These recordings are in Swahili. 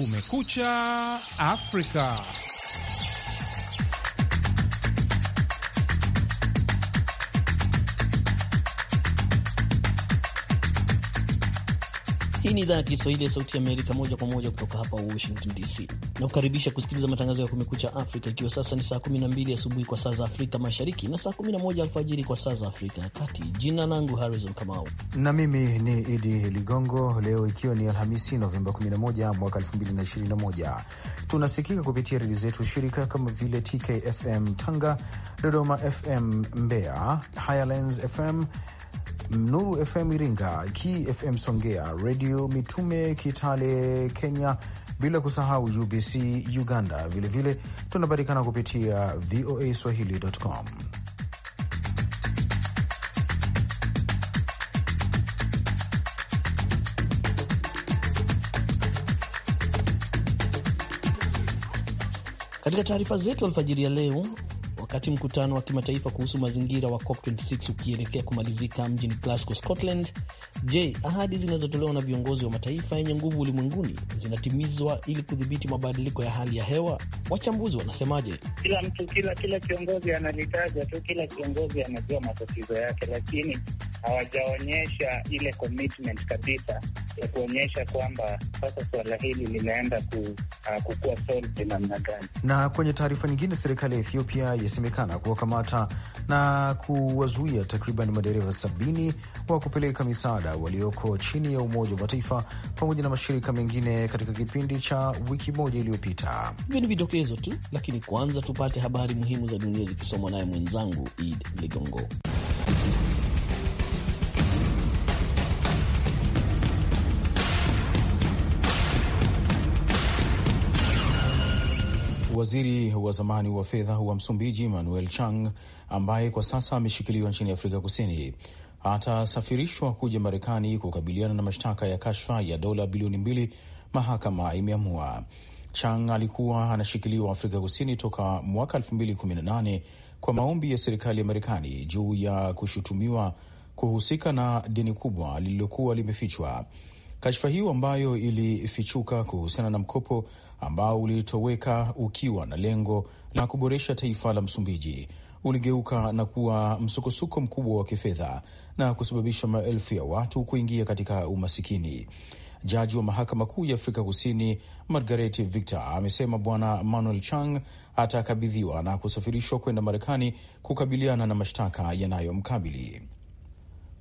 Kumekucha Afrika. Hii ni idhaa ya Kiswahili ya Sauti Amerika, moja kwa moja kutoka hapa Washington DC, na kukaribisha kusikiliza matangazo ya Kumekucha Afrika, ikiwa sasa ni saa 12 asubuhi kwa saa za Afrika Mashariki na saa 11 alfajiri kwa saa za Afrika ya Kati. Jina langu Harrison Kamau na mimi ni Idi Ligongo. Leo ikiwa ni Alhamisi, Novemba 11 mwaka 2021, tunasikika kupitia redio zetu shirika kama vile TKFM Tanga, Dodoma FM Mbeya, Highlands FM Nuru FM Iringa, KFM Songea, Redio Mitume Kitale Kenya, bila kusahau UBC Uganda. Vilevile tunapatikana kupitia VOA Swahili.com. Katika taarifa zetu alfajiri ya leo, Wakati mkutano wa kimataifa kuhusu mazingira wa COP26 ukielekea kumalizika mjini Glasgow, Scotland, je, ahadi zinazotolewa na viongozi wa mataifa yenye nguvu ulimwenguni zinatimizwa ili kudhibiti mabadiliko ya hali ya hewa? Wachambuzi wanasemaje? Kila mtu, kila kila kiongozi analitaja tu, kila kiongozi anajua matatizo yake, lakini hawajaonyesha ile commitment kabisa ya kuonyesha kwamba sasa suala hili linaenda ku, uh, kukuwa solved namna gani. Na kwenye taarifa nyingine, serikali ya Ethiopia yasemekana kuwakamata na kuwazuia takriban madereva sabini wa kupeleka misaada walioko chini ya Umoja wa Mataifa pamoja na mashirika mengine katika kipindi cha wiki moja iliyopita. Hivyo ni vidokezo tu, lakini kwanza tupate habari muhimu za dunia zikisomwa naye mwenzangu Id Ligongo. Waziri wa zamani wa fedha wa Msumbiji Manuel Chang, ambaye kwa sasa ameshikiliwa nchini Afrika Kusini, atasafirishwa kuja Marekani kukabiliana na mashtaka ya kashfa ya dola bilioni mbili, mahakama imeamua. Chang alikuwa anashikiliwa Afrika Kusini toka mwaka 2018 kwa maombi ya serikali ya Marekani juu ya kushutumiwa kuhusika na deni kubwa lililokuwa limefichwa. Kashfa hiyo ambayo ilifichuka kuhusiana na mkopo ambao ulitoweka ukiwa na lengo la kuboresha taifa la Msumbiji uligeuka na kuwa msukosuko mkubwa wa kifedha na kusababisha maelfu ya watu kuingia katika umasikini. Jaji wa mahakama kuu ya Afrika Kusini Margaret Victor amesema Bwana Manuel Chang atakabidhiwa na kusafirishwa kwenda Marekani kukabiliana na mashtaka yanayomkabili.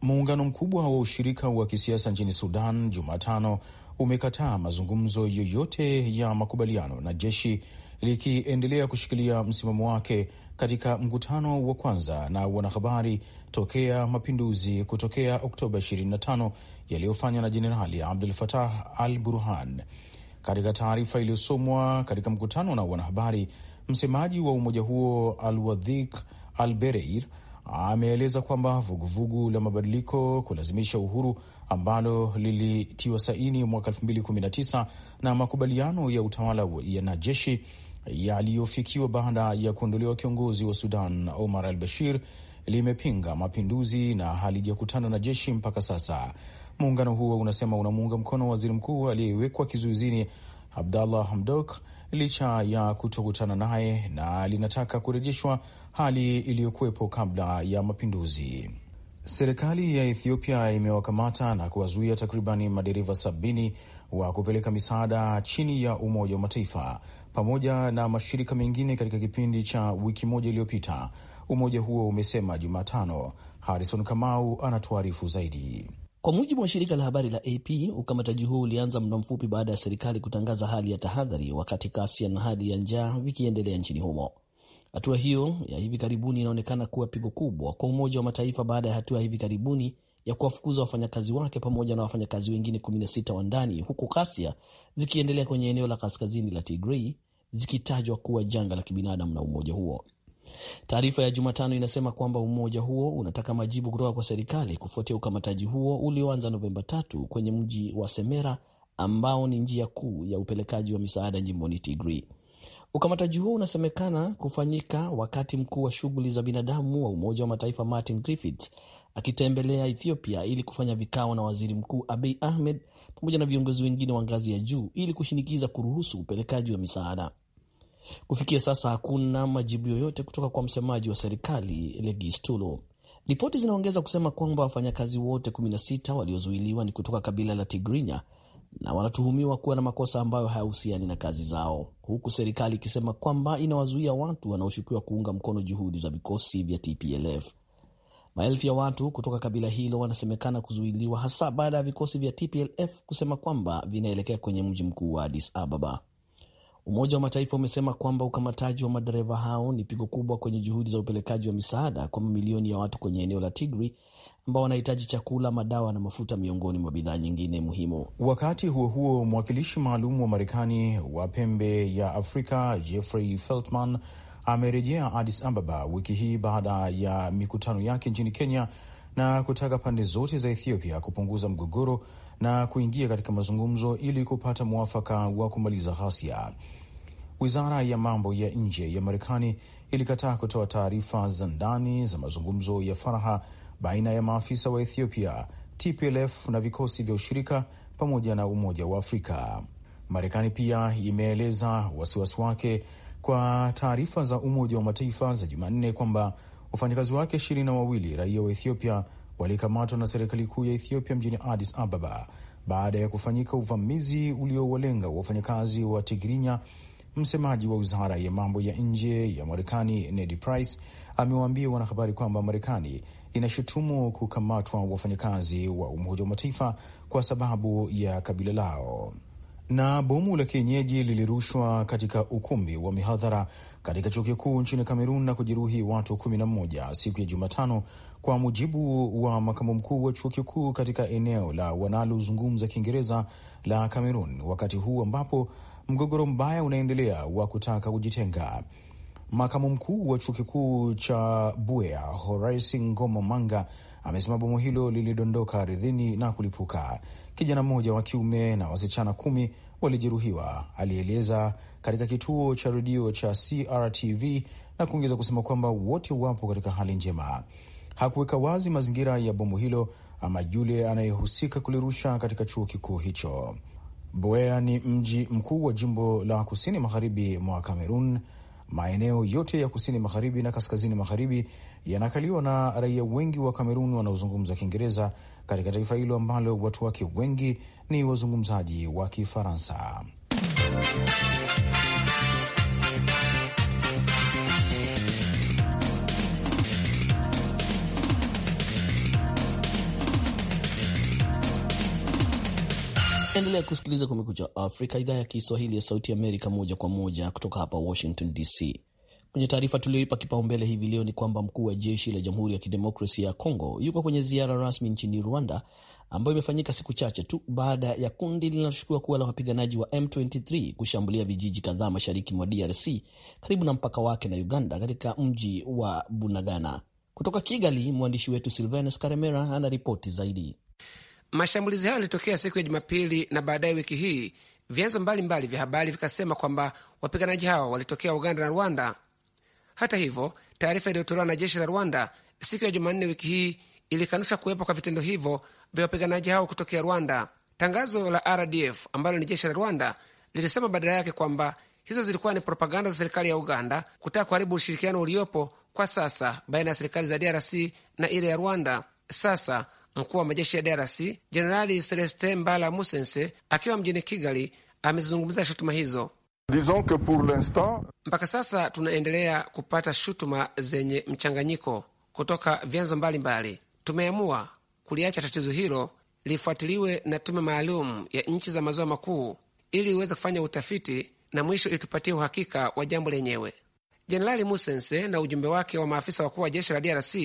Muungano mkubwa wa ushirika wa kisiasa nchini Sudan Jumatano umekataa mazungumzo yoyote ya makubaliano na jeshi likiendelea kushikilia msimamo wake katika mkutano wa kwanza na wanahabari tokea mapinduzi kutokea Oktoba 25 yaliyofanywa na Jenerali Abdul Fatah Al Burhan. Katika taarifa iliyosomwa katika mkutano na wanahabari, msemaji wa umoja huo Alwadhik Al Bereir ameeleza kwamba vuguvugu la mabadiliko kulazimisha uhuru ambalo lilitiwa saini mwaka 2019 na makubaliano ya utawala na jeshi yaliyofikiwa baada ya kuondolewa kiongozi wa Sudan Omar al Bashir limepinga mapinduzi na halijakutana na jeshi mpaka sasa. Muungano huo unasema unamuunga mkono waziri mkuu aliyewekwa kizuizini Abdallah Hamdok licha ya kutokutana naye na linataka kurejeshwa hali iliyokuwepo kabla ya mapinduzi. Serikali ya Ethiopia imewakamata na kuwazuia takribani madereva sabini wa kupeleka misaada chini ya Umoja wa Mataifa pamoja na mashirika mengine katika kipindi cha wiki moja iliyopita, umoja huo umesema Jumatano. Harrison Kamau anatuarifu zaidi. Kwa mujibu wa shirika la habari la AP, ukamataji huu ulianza muda mfupi baada ya serikali kutangaza hali ya tahadhari, wakati kasia na hali ya njaa vikiendelea nchini humo. Hatua hiyo ya hivi karibuni inaonekana kuwa pigo kubwa kwa Umoja wa Mataifa baada ya hatua ya hivi karibuni ya kuwafukuza wafanyakazi wake pamoja na wafanyakazi wengine 16 wa ndani, huku ghasia zikiendelea kwenye eneo la kaskazini la Tigray zikitajwa kuwa janga la kibinadamu na umoja huo. Taarifa ya Jumatano inasema kwamba umoja huo unataka majibu kutoka kwa serikali kufuatia ukamataji huo ulioanza Novemba tatu kwenye mji wa Semera ambao ni njia kuu ya upelekaji wa misaada jimboni Tigray. Ukamataji huo unasemekana kufanyika wakati mkuu wa shughuli za binadamu wa Umoja wa Mataifa Martin Griffiths akitembelea Ethiopia ili kufanya vikao na waziri mkuu Abiy Ahmed pamoja na viongozi wengine wa ngazi ya juu ili kushinikiza kuruhusu upelekaji wa misaada. Kufikia sasa hakuna majibu yoyote kutoka kwa msemaji wa serikali Legistulo. Ripoti zinaongeza kusema kwamba wafanyakazi wote 16 waliozuiliwa ni kutoka kabila la Tigrinya na wanatuhumiwa kuwa na makosa ambayo hayahusiani na kazi zao, huku serikali ikisema kwamba inawazuia watu wanaoshukiwa kuunga mkono juhudi za vikosi vya TPLF. Maelfu ya watu kutoka kabila hilo wanasemekana kuzuiliwa hasa baada ya vikosi vya TPLF kusema kwamba vinaelekea kwenye mji mkuu wa Addis Ababa. Umoja wa Mataifa umesema kwamba ukamataji wa madereva hao ni pigo kubwa kwenye juhudi za upelekaji wa misaada kwa mamilioni ya watu kwenye eneo la Tigri ambao wanahitaji chakula, madawa na mafuta miongoni mwa bidhaa nyingine muhimu. Wakati huo huo, mwakilishi maalum wa Marekani wa pembe ya Afrika Jeffrey Feltman amerejea Addis Ababa wiki hii baada ya mikutano yake nchini Kenya na kutaka pande zote za Ethiopia kupunguza mgogoro na kuingia katika mazungumzo ili kupata mwafaka wa kumaliza ghasia. Wizara ya mambo ya nje ya Marekani ilikataa kutoa taarifa za ndani za mazungumzo ya faraha baina ya maafisa wa Ethiopia, TPLF na vikosi vya ushirika pamoja na Umoja wa Afrika. Marekani pia imeeleza wasiwasi wake kwa taarifa za Umoja wa Mataifa za Jumanne kwamba wafanyakazi wake ishirini na wawili raia wa Ethiopia walikamatwa na serikali kuu ya Ethiopia mjini Addis Ababa baada ya kufanyika uvamizi uliowalenga wafanyakazi wa Tigrinya Msemaji wa wizara ya mambo ya nje ya Marekani Ned Price amewaambia wanahabari kwamba Marekani inashutumu kukamatwa wafanyakazi wa Umoja wa Mataifa kwa sababu ya kabila lao. Na bomu la kienyeji lilirushwa katika ukumbi wa mihadhara katika chuo kikuu nchini Kamerun na kujeruhi watu 11 siku ya Jumatano, kwa mujibu wa makamu mkuu wa chuo kikuu katika eneo la wanalozungumza Kiingereza la Kamerun, wakati huu ambapo mgogoro mbaya unaendelea wa kutaka kujitenga. Makamu mkuu wa chuo kikuu cha Buea, Horace Ngomo Manga, amesema bomu hilo lilidondoka ardhini na kulipuka. Kijana mmoja wa kiume na wasichana kumi walijeruhiwa, alieleza katika kituo cha redio cha CRTV na kuongeza kusema kwamba wote wapo katika hali njema. Hakuweka wazi mazingira ya bomu hilo ama yule anayehusika kulirusha katika chuo kikuu hicho. Buea ni mji mkuu wa jimbo la kusini magharibi mwa Kamerun. Maeneo yote ya kusini magharibi na kaskazini magharibi yanakaliwa na raia wengi wa Kamerun wanaozungumza Kiingereza katika taifa hilo ambalo watu wake wengi ni wazungumzaji wa Kifaransa. Unaendelea kusikiliza Kumekucha Afrika, idhaa ya Kiswahili ya Sauti Amerika, moja kwa moja kutoka hapa Washington DC. Kwenye taarifa tulioipa kipaumbele hivi leo ni kwamba mkuu wa jeshi la Jamhuri ya Kidemokrasia ya Kongo yuko kwenye ziara rasmi nchini Rwanda ambayo imefanyika siku chache tu baada ya kundi linaloshukiwa kuwa la wapiganaji wa M23 kushambulia vijiji kadhaa mashariki mwa DRC karibu na mpaka wake na Uganda katika mji wa Bunagana. Kutoka Kigali, mwandishi wetu Silvanus Karemera ana ripoti zaidi. Mashambulizi hayo yalitokea siku ya Jumapili na baadaye wiki hii, vyanzo mbalimbali vya habari vikasema kwamba wapiganaji hao walitokea Uganda na Rwanda. Hata hivyo, taarifa iliyotolewa na jeshi la Rwanda siku ya Jumanne wiki hii ilikanusha kuwepo kwa vitendo hivyo vya wapiganaji hao kutokea Rwanda. Tangazo la RDF ambalo ni jeshi la Rwanda lilisema badala yake kwamba hizo zilikuwa ni propaganda za serikali ya Uganda kutaka kuharibu ushirikiano uliopo kwa sasa baina ya serikali za DRC na ile ya Rwanda. Sasa Mkuu wa majeshi ya DRC Jenerali Celestin Mbala Musense akiwa mjini Kigali amezungumzia shutuma hizo. Mpaka sasa tunaendelea kupata shutuma zenye mchanganyiko kutoka vyanzo mbalimbali. Tumeamua kuliacha tatizo hilo lifuatiliwe na tume maalum ya nchi za maziwa makuu ili iweze kufanya utafiti na mwisho itupatie uhakika wa jambo lenyewe. Jenerali Musense na ujumbe wake wa maafisa wakuu wa jeshi la DRC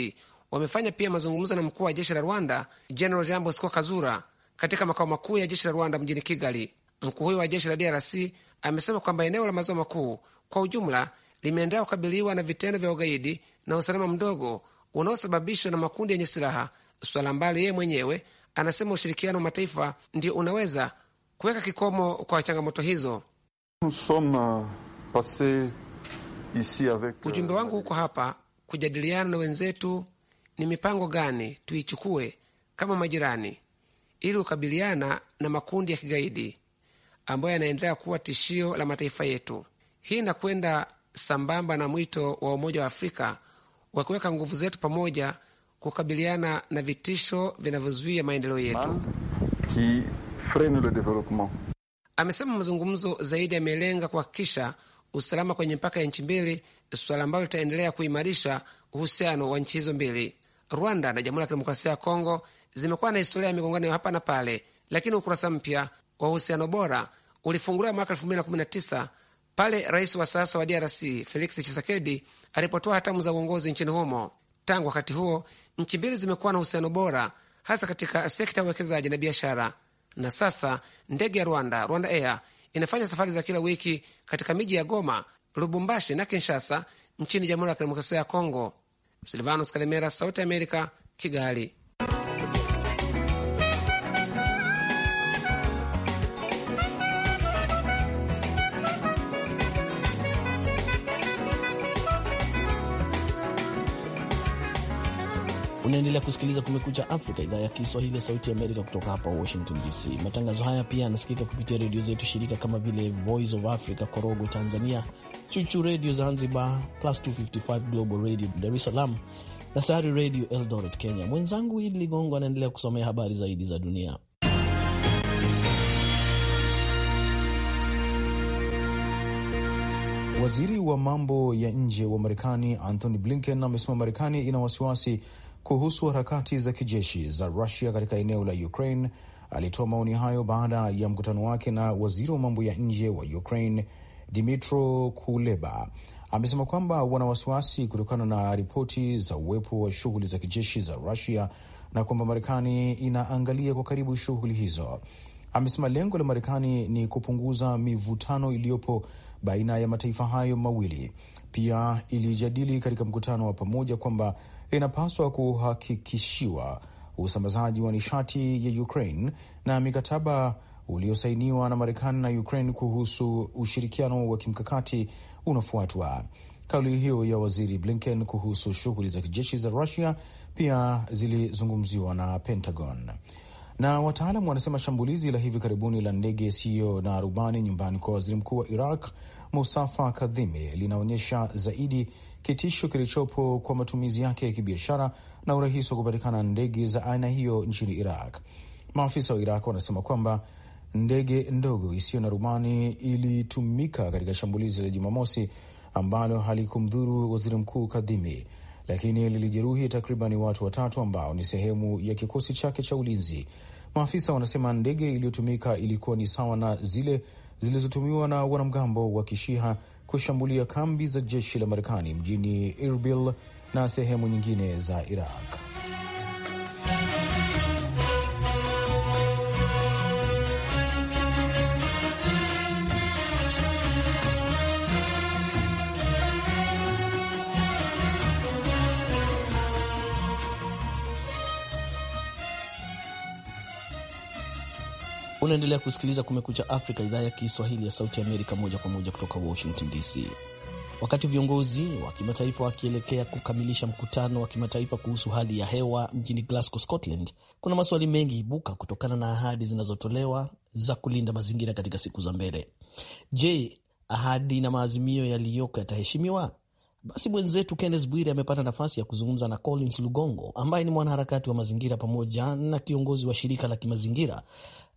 wamefanya pia mazungumzo na mkuu wa jeshi la Rwanda General Jean Bosco Kazura katika makao makuu ya jeshi la Rwanda mjini Kigali. Mkuu huyo wa jeshi la DRC amesema kwamba eneo la maziwa makuu kwa ujumla limeendelea kukabiliwa na vitendo vya ugaidi na usalama mdogo unaosababishwa na makundi yenye silaha, swala ambalo yeye mwenyewe anasema ushirikiano wa mataifa ndio unaweza kuweka kikomo kwa changamoto hizo. Euh, Ujumbe euh, wangu huko hapa kujadiliana na wenzetu ni mipango gani tuichukue kama majirani ili kukabiliana na makundi ya kigaidi ambayo yanaendelea kuwa tishio la mataifa yetu. Hii inakwenda sambamba na mwito wa Umoja wa Afrika wa kuweka nguvu zetu pamoja kukabiliana na vitisho vinavyozuia maendeleo yetu, amesema. Mazungumzo zaidi yamelenga kuhakikisha usalama kwenye mpaka ya nchi mbili, suala ambalo litaendelea kuimarisha uhusiano wa nchi hizo mbili. Rwanda na Jamhuri ya Kidemokrasia ya Kongo zimekuwa na historia ya migongano hapa na pale, lakini ukurasa mpya wa uhusiano bora ulifunguliwa mwaka 2019 pale rais wa sasa wa DRC Felix Tshisekedi alipotoa hatamu za uongozi nchini humo. Tangu wakati huo nchi mbili zimekuwa na uhusiano bora, hasa katika sekta ya uwekezaji na biashara. Na sasa ndege ya Rwanda, Rwanda Air, inafanya safari za kila wiki katika miji ya Goma, Lubumbashi na Kinshasa nchini Jamhuri ya Kidemokrasia ya Kongo. Silvanos Kalemera, Sauti Amerika, Kigali. Unaendelea kusikiliza Kumekucha Afrika, idhaa ya Kiswahili ya Sauti ya Amerika kutoka hapa Washington DC. Matangazo haya pia yanasikika kupitia redio zetu shirika kama vile Voice of Africa Korogo Tanzania, Chuchu Radio Zanzibar, Plus 255 Global Radio Dar es Salaam na Sayari Radio Eldoret, Kenya. Mwenzangu Idi Ligongo anaendelea kusomea habari zaidi za dunia. Waziri wa mambo ya nje wa Marekani Anthony Blinken amesema Marekani ina wasiwasi kuhusu harakati za kijeshi za Rusia katika eneo la Ukraine. Alitoa maoni hayo baada ya mkutano wake na waziri wa mambo ya nje wa Ukraine Dimitro Kuleba amesema kwamba wana wasiwasi kutokana na ripoti za uwepo wa shughuli za kijeshi za Rusia na kwamba Marekani inaangalia kwa karibu shughuli hizo. Amesema lengo la Marekani ni kupunguza mivutano iliyopo baina ya mataifa hayo mawili. Pia ilijadili katika mkutano wa pamoja kwamba inapaswa kuhakikishiwa usambazaji wa nishati ya Ukraine na mikataba uliosainiwa na Marekani na Ukraine kuhusu ushirikiano wa kimkakati unafuatwa. Kauli hiyo ya waziri Blinken kuhusu shughuli za kijeshi za Rusia pia zilizungumziwa na Pentagon na wataalam wanasema shambulizi la hivi karibuni la ndege isiyo na rubani nyumbani kwa waziri mkuu wa Iraq Mustafa Kadhimi linaonyesha zaidi kitisho kilichopo kwa matumizi yake ya kibiashara na urahisi wa kupatikana ndege za aina hiyo nchini Iraq. Maafisa wa Iraq wanasema kwamba ndege ndogo isiyo na rumani ilitumika katika shambulizi la Jumamosi ambalo halikumdhuru waziri mkuu Kadhimi, lakini lilijeruhi takriban watu watatu ambao ni sehemu ya kikosi chake cha ulinzi. Maafisa wanasema ndege iliyotumika ilikuwa ni sawa na zile zilizotumiwa na wanamgambo wa Kishiha kushambulia kambi za jeshi la Marekani mjini Irbil na sehemu nyingine za Iraq. Unaendelea kusikiliza Kumekucha Afrika, idhaa ya Kiswahili ya Sauti Amerika, moja kwa moja kutoka Washington DC. Wakati viongozi wa kimataifa wakielekea kukamilisha mkutano wa kimataifa kuhusu hali ya hewa mjini Glasgow, Scotland, kuna maswali mengi ibuka kutokana na ahadi zinazotolewa za kulinda mazingira katika siku za mbele. Je, ahadi na maazimio yaliyoko yataheshimiwa? Basi mwenzetu Kenneth Bwire amepata nafasi ya kuzungumza na Collins Lugongo ambaye ni mwanaharakati wa mazingira pamoja na kiongozi wa shirika la kimazingira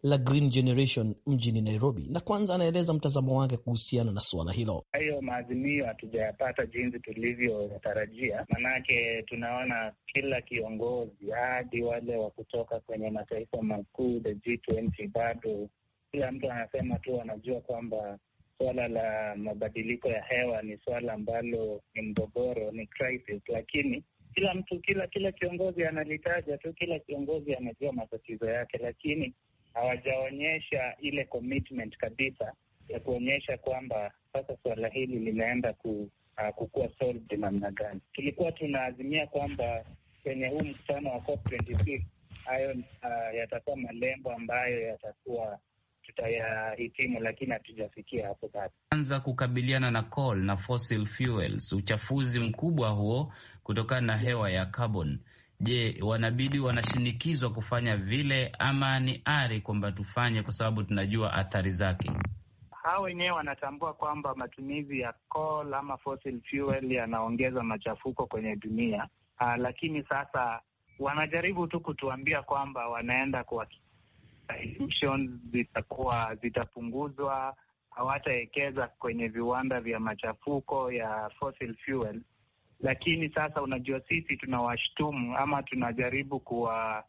la Green Generation mjini Nairobi, na kwanza anaeleza mtazamo wake kuhusiana na suala hilo. Hayo maazimio hatujayapata jinsi tulivyotarajia, manake tunaona kila kiongozi hadi wale wa kutoka kwenye mataifa makuu the G20, bado kila mtu anasema tu anajua kwamba suala la mabadiliko ya hewa ni swala ambalo ni mgogoro, ni crisis, lakini kila mtu, kila kila kiongozi analitaja tu, kila kiongozi anajua matatizo yake, lakini hawajaonyesha ile commitment kabisa ya kuonyesha kwamba sasa suala hili linaenda ku, uh, ah, kukuwa solved namna gani. Tulikuwa tunaazimia kwamba kwenye huu mkutano wa COP26 hayo uh, yatakuwa malengo ambayo yatakuwa tutayahitimu, lakini hatujafikia hapo bado. Anza kukabiliana na coal na fossil fuels, uchafuzi mkubwa huo kutokana na hewa ya carbon Je, wanabidi wanashinikizwa kufanya vile ama ni ari kwamba tufanye kwa sababu tunajua athari zake? Hao wenyewe wanatambua kwamba matumizi ya coal ama fossil fuel yanaongeza machafuko kwenye dunia. Aa, ah, lakini sasa wanajaribu tu kutuambia kwamba wanaenda kwa emissions zitakuwa zitapunguzwa, hawatawekeza kwenye viwanda vya machafuko ya fossil fuel lakini sasa unajua, sisi tunawashtumu ama tunajaribu kuwa,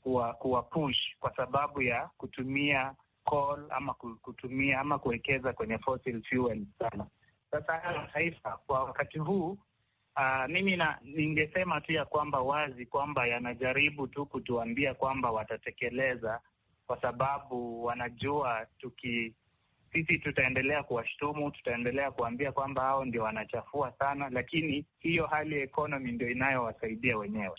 kuwa, kuwa push kwa sababu ya kutumia coal ama kutumia ama kuwekeza kwenye fossil fuel sana. Sasa haya mataifa kwa wakati huu Uh, mimi na ningesema tu ya kwamba wazi kwamba yanajaribu tu kutuambia kwamba watatekeleza, kwa sababu wanajua tuki sisi tutaendelea kuwashtumu, tutaendelea kuambia kwamba hao ndio wanachafua sana, lakini hiyo hali ya ekonomi ndio inayowasaidia wenyewe.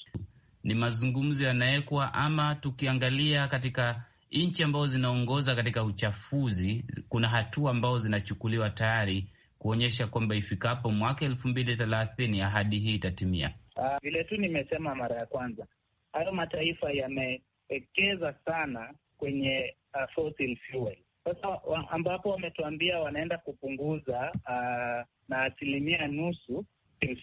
Ni mazungumzo yanawekwa, ama tukiangalia katika nchi ambazo zinaongoza katika uchafuzi, kuna hatua ambazo zinachukuliwa tayari kuonyesha kwamba ifikapo mwaka elfu mbili thelathini ahadi hii itatimia. Aa, ah, vile tu nimesema mara ya kwanza, hayo mataifa yamewekeza sana kwenye uh, fossil fuel sasa wa, ambapo wametuambia wanaenda kupunguza uh, na asilimia nusu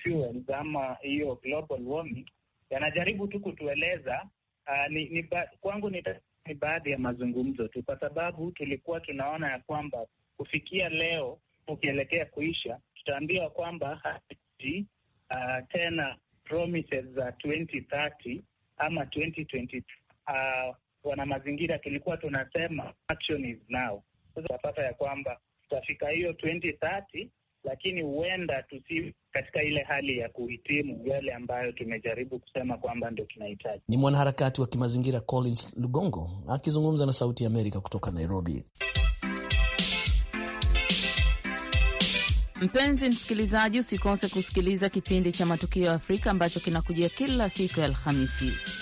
fuels ama hiyo global warming, yanajaribu tu kutueleza uh, ni, ni ba, kwangu ni, ni baadhi ya mazungumzo tu, kwa sababu tulikuwa tunaona ya kwamba kufikia leo ukielekea kuisha tutaambiwa kwamba hati uh, ah, tena promises za 2030 ama 2020 uh, wana mazingira, kilikuwa tunasema action is now. Sasa tunapata ya kwamba tutafika hiyo 2030 lakini huenda tusi katika ile hali ya kuhitimu yale ambayo tumejaribu kusema kwamba ndio tunahitaji. Ni mwanaharakati wa kimazingira Collins Lugongo akizungumza na Sauti ya Amerika kutoka Nairobi. Mpenzi msikilizaji, usikose kusikiliza kipindi cha Matukio ya Afrika ambacho kinakujia kila siku ya Alhamisi.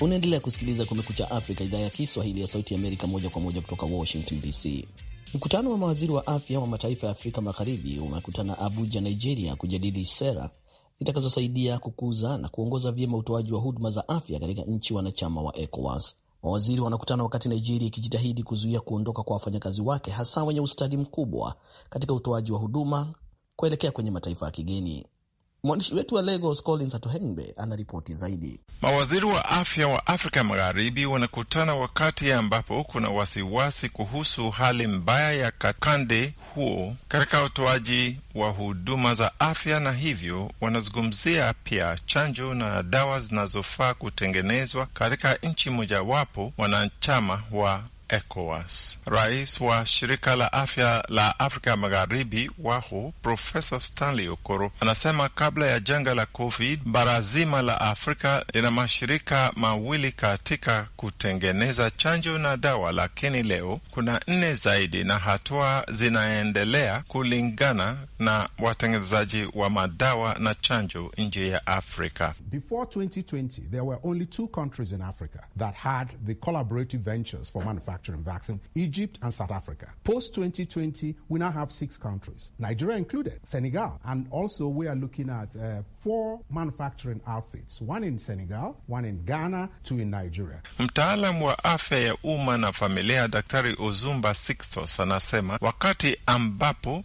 Unaendelea kusikiliza Kumekucha Afrika, idhaa ya Kiswahili ya Sauti Amerika, moja kwa moja kutoka Washington DC. Mkutano wa mawaziri wa afya wa mataifa ya Afrika Magharibi umekutana Abuja, Nigeria, kujadili sera zitakazosaidia kukuza na kuongoza vyema utoaji wa huduma za afya katika nchi wanachama wa ECOWAS. Mawaziri wanakutana wakati Nigeria ikijitahidi kuzuia kuondoka kwa wafanyakazi wake hasa wenye ustadi mkubwa katika utoaji wa huduma kuelekea kwenye mataifa ya kigeni. Mwandishi wetu wa Lagos Collins Atohengbe anaripoti zaidi. Mawaziri wa afya wa Afrika Magharibi wanakutana wakati ambapo kuna wasiwasi kuhusu hali mbaya ya kakande huo katika utoaji wa huduma za afya, na hivyo wanazungumzia pia chanjo na dawa zinazofaa kutengenezwa katika nchi mojawapo wanachama wa ECOWAS. Rais wa shirika la afya la Afrika Magharibi WHO, Profesa Stanley Okoro, anasema kabla ya janga la COVID bara zima la Afrika lina mashirika mawili katika kutengeneza chanjo na dawa, lakini leo kuna nne zaidi na hatua zinaendelea kulingana na watengenezaji wa madawa na chanjo nje ya Afrika. Before 2020, there were only two countries in Africa that had the collaborative ventures for manufacturing manufacturing vaccine, Egypt and South Africa. Post 2020, we now have six countries, Nigeria included, Senegal, and also we are looking at uh, four manufacturing outfits, one in Senegal, one in Ghana, two in Nigeria. Mtaalam wa afya ya umma na familia, Daktari Sixtos anasema wakati ambapo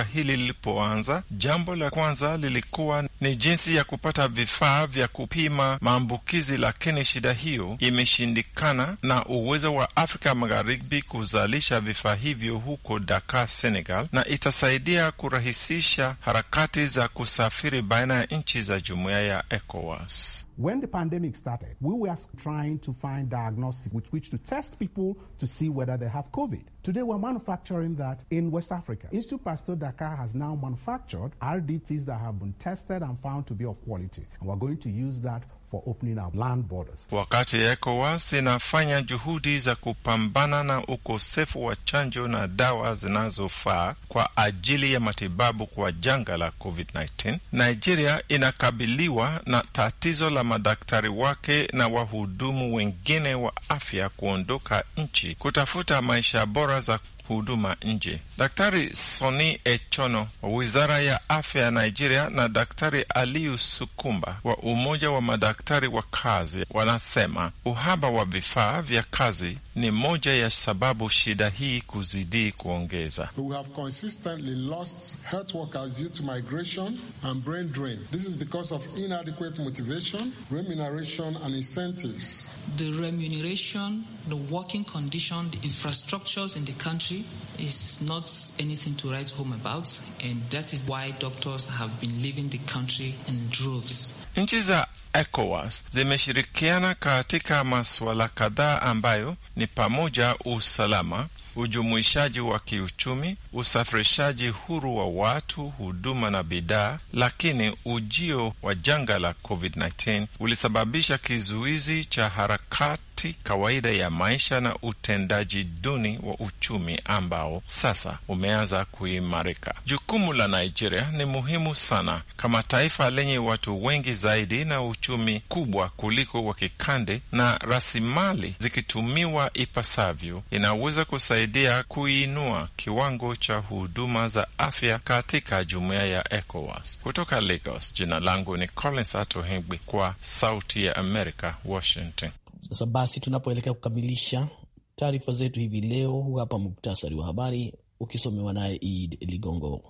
janga hili lilipoanza, jambo la kwanza lilikuwa ni jinsi ya kupata vifaa vya kupima maambukizi, lakini shida hiyo imeshindikana na uwezo wa Afrika Magharibi kuzalisha vifaa hivyo huko Dakar, Senegal, na itasaidia kurahisisha harakati za kusafiri baina ya nchi za jumuiya ya ECOWAS. When the pandemic started, we were trying to find diagnostic with which to test people to see whether they have COVID. Today we're manufacturing that in West Africa. Institut Pasteur Dakar has now manufactured RDTs that have been tested and and found to be of quality. And we're going to use that for opening our land borders. Wakati ECOWAS inafanya juhudi za kupambana na ukosefu wa chanjo na dawa zinazofaa kwa ajili ya matibabu kwa janga la COVID-19, Nigeria inakabiliwa na tatizo la madaktari wake na wahudumu wengine wa afya kuondoka nchi kutafuta maisha bora za huduma nje. Daktari Soni Echono wa wizara ya afya ya Nigeria na Daktari Aliu Sukumba wa umoja wa madaktari wa kazi wanasema uhaba wa vifaa vya kazi ni moja ya sababu shida hii kuzidi kuongeza. We have consistently lost health workers due to migration and brain drain. This is because of inadequate motivation, remuneration and incentives the remuneration, the working condition, the infrastructures in the country is not anything to write home about, and that is why doctors have been leaving the country in droves. Nchi za ECOWAS zimeshirikiana katika masuala kadhaa ambayo ni pamoja usalama, ujumuishaji wa kiuchumi usafirishaji huru wa watu, huduma na bidhaa, lakini ujio wa janga la COVID-19 ulisababisha kizuizi cha harakati kawaida ya maisha na utendaji duni wa uchumi ambao sasa umeanza kuimarika. Jukumu la Nigeria ni muhimu sana kama taifa lenye watu wengi zaidi na uchumi kubwa kuliko wa kikande, na rasilimali zikitumiwa ipasavyo, inaweza kusaidia kuinua kiwango cha huduma za afya katika jumuiya ya ECOWAS. Kutoka Lagos, jina langu ni Collins Atohegwi kwa Sauti ya America, Washington. Sasa basi, tunapoelekea kukamilisha taarifa zetu hivi leo, hapa muktasari wa habari ukisomewa naye Id Ligongo.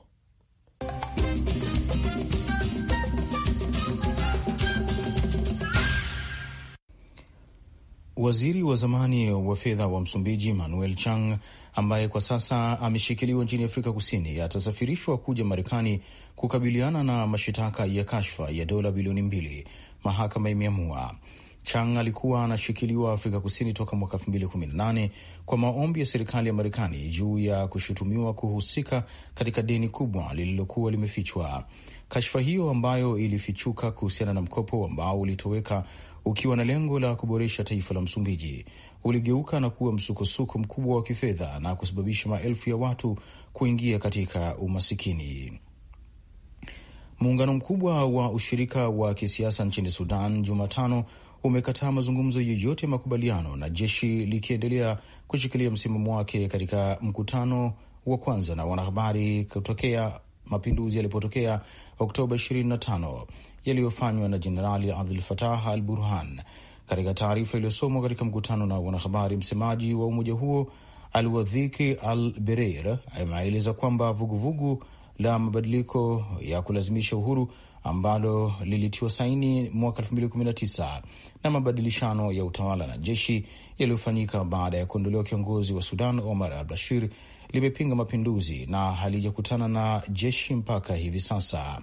Waziri wa zamani wa fedha wa Msumbiji Manuel Chang ambaye kwa sasa ameshikiliwa nchini Afrika Kusini atasafirishwa kuja Marekani kukabiliana na mashitaka ya kashfa ya dola bilioni mbili, mahakama imeamua. Chang alikuwa anashikiliwa Afrika Kusini toka mwaka 2018 kwa maombi ya serikali ya Marekani juu ya kushutumiwa kuhusika katika deni kubwa lililokuwa limefichwa. Kashfa hiyo ambayo ilifichuka kuhusiana na mkopo ambao ulitoweka ukiwa na lengo la kuboresha taifa la Msumbiji uligeuka na kuwa msukosuko mkubwa wa kifedha na kusababisha maelfu ya watu kuingia katika umasikini. Muungano mkubwa wa ushirika wa kisiasa nchini Sudan Jumatano umekataa mazungumzo yoyote makubaliano na jeshi likiendelea kushikilia msimamo wake katika mkutano wa kwanza na wanahabari kutokea mapinduzi yalipotokea Oktoba 25 yaliyofanywa na Jenerali Abdul Fatah al Burhan. Katika taarifa iliyosomwa katika mkutano na wanahabari, msemaji wa umoja huo Alwadhiki Al Bereir ameeleza kwamba vuguvugu vugu la mabadiliko ya kulazimisha uhuru ambalo lilitiwa saini mwaka 2019 na mabadilishano ya utawala na jeshi yaliyofanyika baada ya kuondolewa kiongozi wa Sudan Omar Al Bashir limepinga mapinduzi na halijakutana na jeshi mpaka hivi sasa.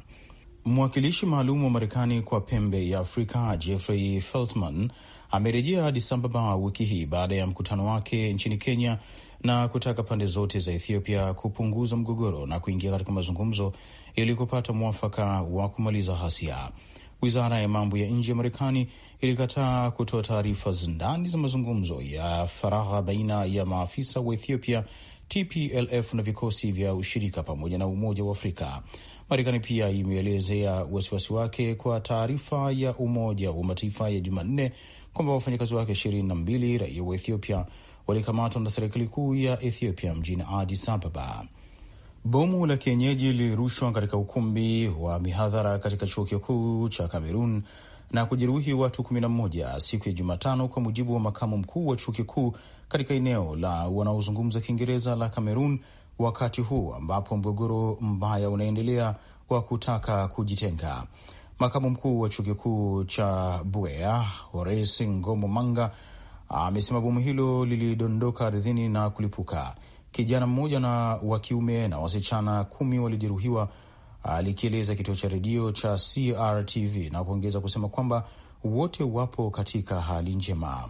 Mwakilishi maalum wa Marekani kwa pembe ya Afrika Jeffrey Feltman amerejea Addis Ababa wiki hii baada ya mkutano wake nchini Kenya na kutaka pande zote za Ethiopia kupunguza mgogoro na kuingia katika mazungumzo ili kupata mwafaka wa kumaliza ghasia. Wizara ya mambo ya nje ya Marekani ilikataa kutoa taarifa ndani za mazungumzo ya faragha baina ya maafisa wa Ethiopia, TPLF na vikosi vya ushirika pamoja na Umoja wa Afrika. Marekani pia imeelezea wasiwasi wake kwa taarifa ya Umoja wa Mataifa ya Jumanne kwamba wafanyakazi wake ishirini na mbili raia wa Ethiopia walikamatwa na serikali kuu ya Ethiopia mjini Adis Ababa. Bomu la kienyeji lilirushwa katika ukumbi wa mihadhara katika chuo kikuu cha Kamerun na kujeruhi watu 11 siku ya Jumatano, kwa mujibu wa makamu mkuu wa chuo kikuu katika eneo la wanaozungumza Kiingereza la Kamerun, wakati huu ambapo mgogoro mbaya unaendelea wa kutaka kujitenga. Makamu mkuu wa chuo kikuu cha Buea Horace Ngomo Manga amesema bomu hilo lilidondoka ardhini na kulipuka. Kijana mmoja na wa kiume na wasichana kumi walijeruhiwa, alikieleza kituo cha redio cha CRTV na kuongeza kusema kwamba wote wapo katika hali njema.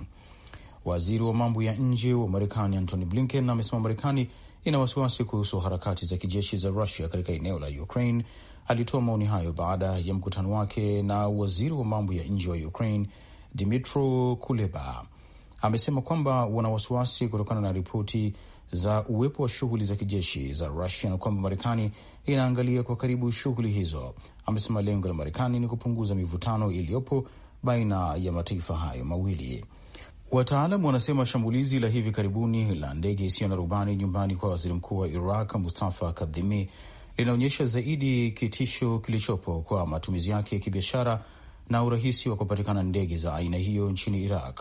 Waziri wa mambo ya nje wa Marekani Antony Blinken amesema Marekani ina wasiwasi kuhusu harakati za kijeshi za Rusia katika eneo la Ukraine. Alitoa maoni hayo baada ya mkutano wake na waziri wa mambo ya nje wa Ukraine Dmytro Kuleba. Amesema kwamba wana wasiwasi kutokana na ripoti za uwepo wa shughuli za kijeshi za Rusia na kwamba Marekani inaangalia kwa karibu shughuli hizo. Amesema lengo la Marekani ni kupunguza mivutano iliyopo baina ya mataifa hayo mawili. Wataalam wanasema shambulizi la hivi karibuni la ndege isiyo na rubani nyumbani kwa waziri mkuu wa Iraq Mustafa Kadhimi linaonyesha zaidi kitisho kilichopo kwa matumizi yake ya kibiashara na urahisi wa kupatikana ndege za aina hiyo nchini Iraq.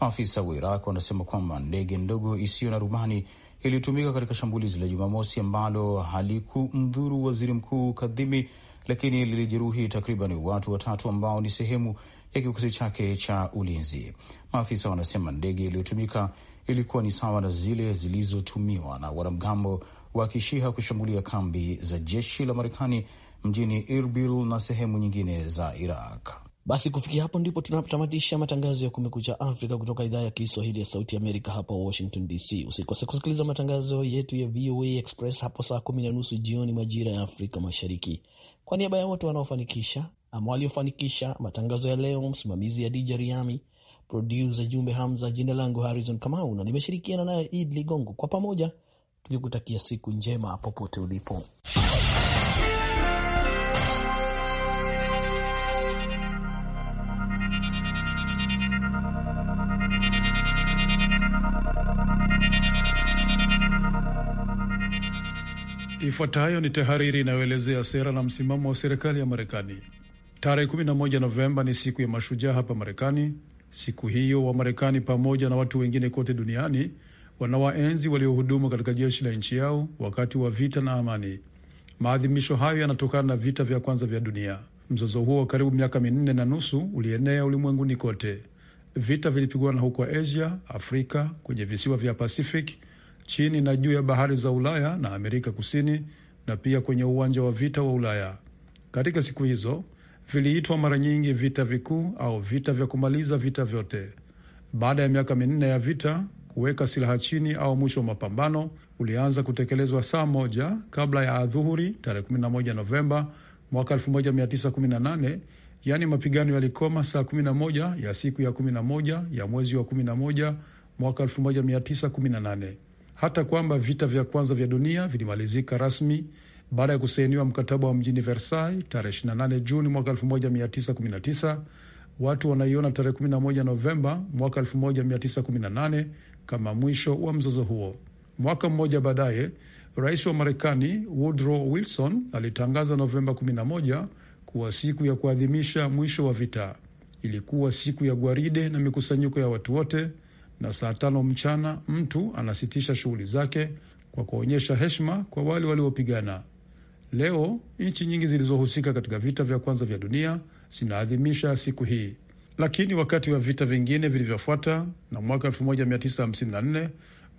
Maafisa wa Iraq wanasema kwamba ndege ndogo isiyo na rubani ilitumika katika shambulizi la Jumamosi ambalo halikumdhuru waziri mkuu Kadhimi, lakini lilijeruhi takriban watu watatu ambao ni sehemu ya kikosi chake cha ulinzi. Maafisa wanasema ndege iliyotumika ilikuwa ni sawa na zile zilizotumiwa na wanamgambo wa kishiha kushambulia kambi za jeshi la Marekani mjini Irbil na sehemu nyingine za Iraq. Basi kufikia hapo ndipo tunatamatisha matangazo ya Kumekucha Afrika kutoka idhaa ya Kiswahili ya Sauti Amerika hapa Washington DC. Usikose kusikiliza matangazo yetu ya VOA Express hapo saa kumi na nusu jioni majira ya Afrika Mashariki. Kwa niaba ya wote wanaofanikisha ama waliofanikisha matangazo ya leo, msimamizi ya Dija Riami, produsa Jumbe Hamza. Jina langu Harrison Kamau na nimeshirikiana naye Id Ligongo, kwa pamoja tukikutakia siku njema popote ulipo. Ifuatayo ni tahariri inayoelezea sera na msimamo wa serikali ya Marekani. Tarehe 11 Novemba ni siku ya mashujaa hapa Marekani, Siku hiyo Wamarekani pamoja na watu wengine kote duniani wanawaenzi waliohudumu katika jeshi la nchi yao wakati wa vita na amani. Maadhimisho hayo yanatokana na vita vya kwanza vya dunia. Mzozo huo wa karibu miaka minne na nusu ulienea ulimwenguni kote. Vita vilipigwana huko Asia, Afrika, kwenye visiwa vya Pacific, chini na juu ya bahari za Ulaya na Amerika Kusini, na pia kwenye uwanja wa vita wa Ulaya. Katika siku hizo viliitwa mara nyingi vita vikuu au vita vya kumaliza vita vyote. Baada ya miaka minne ya vita, kuweka silaha chini au mwisho wa mapambano ulianza kutekelezwa saa moja kabla ya adhuhuri tarehe 11 Novemba mwaka 1918. Yaani, mapigano yalikoma saa 11 ya siku ya 11 ya mwezi wa 11 mwaka 1918. Hata kwamba vita vya kwanza vya dunia vilimalizika rasmi baada ya kusainiwa mkataba wa mjini Versailles tarehe 28 Juni mwaka 1919. Watu wanaiona tarehe 11 Novemba mwaka 1918 kama mwisho wa mzozo huo. Mwaka mmoja baadaye, rais wa Marekani Woodrow Wilson alitangaza Novemba 11 kuwa siku ya kuadhimisha mwisho wa vita. Ilikuwa siku ya gwaride na mikusanyiko ya watu wote, na saa tano mchana mtu anasitisha shughuli zake kwa kuonyesha heshima kwa wale waliopigana. Leo nchi nyingi zilizohusika katika vita vya kwanza vya dunia zinaadhimisha siku hii, lakini wakati wa vita vingine vilivyofuata na mwaka 1954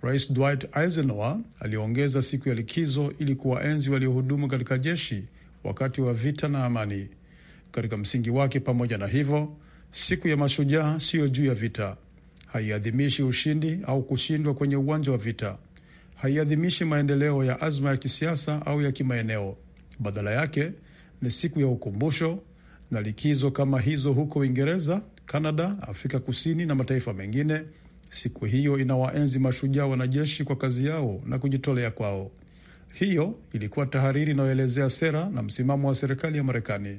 Rais Dwight Eisenhower aliongeza siku ya likizo ili kuwaenzi waliohudumu katika jeshi wakati wa vita na amani. Katika msingi wake, pamoja na hivyo, siku ya mashujaa siyo juu ya vita, haiadhimishi ushindi au kushindwa kwenye uwanja wa vita haiadhimishi maendeleo ya azma ya kisiasa au ya kimaeneo. Badala yake ni siku ya ukumbusho na likizo kama hizo huko Uingereza, Kanada, Afrika Kusini na mataifa mengine. Siku hiyo inawaenzi mashujaa wanajeshi kwa kazi yao na kujitolea kwao. Hiyo ilikuwa tahariri inayoelezea sera na msimamo wa serikali ya Marekani.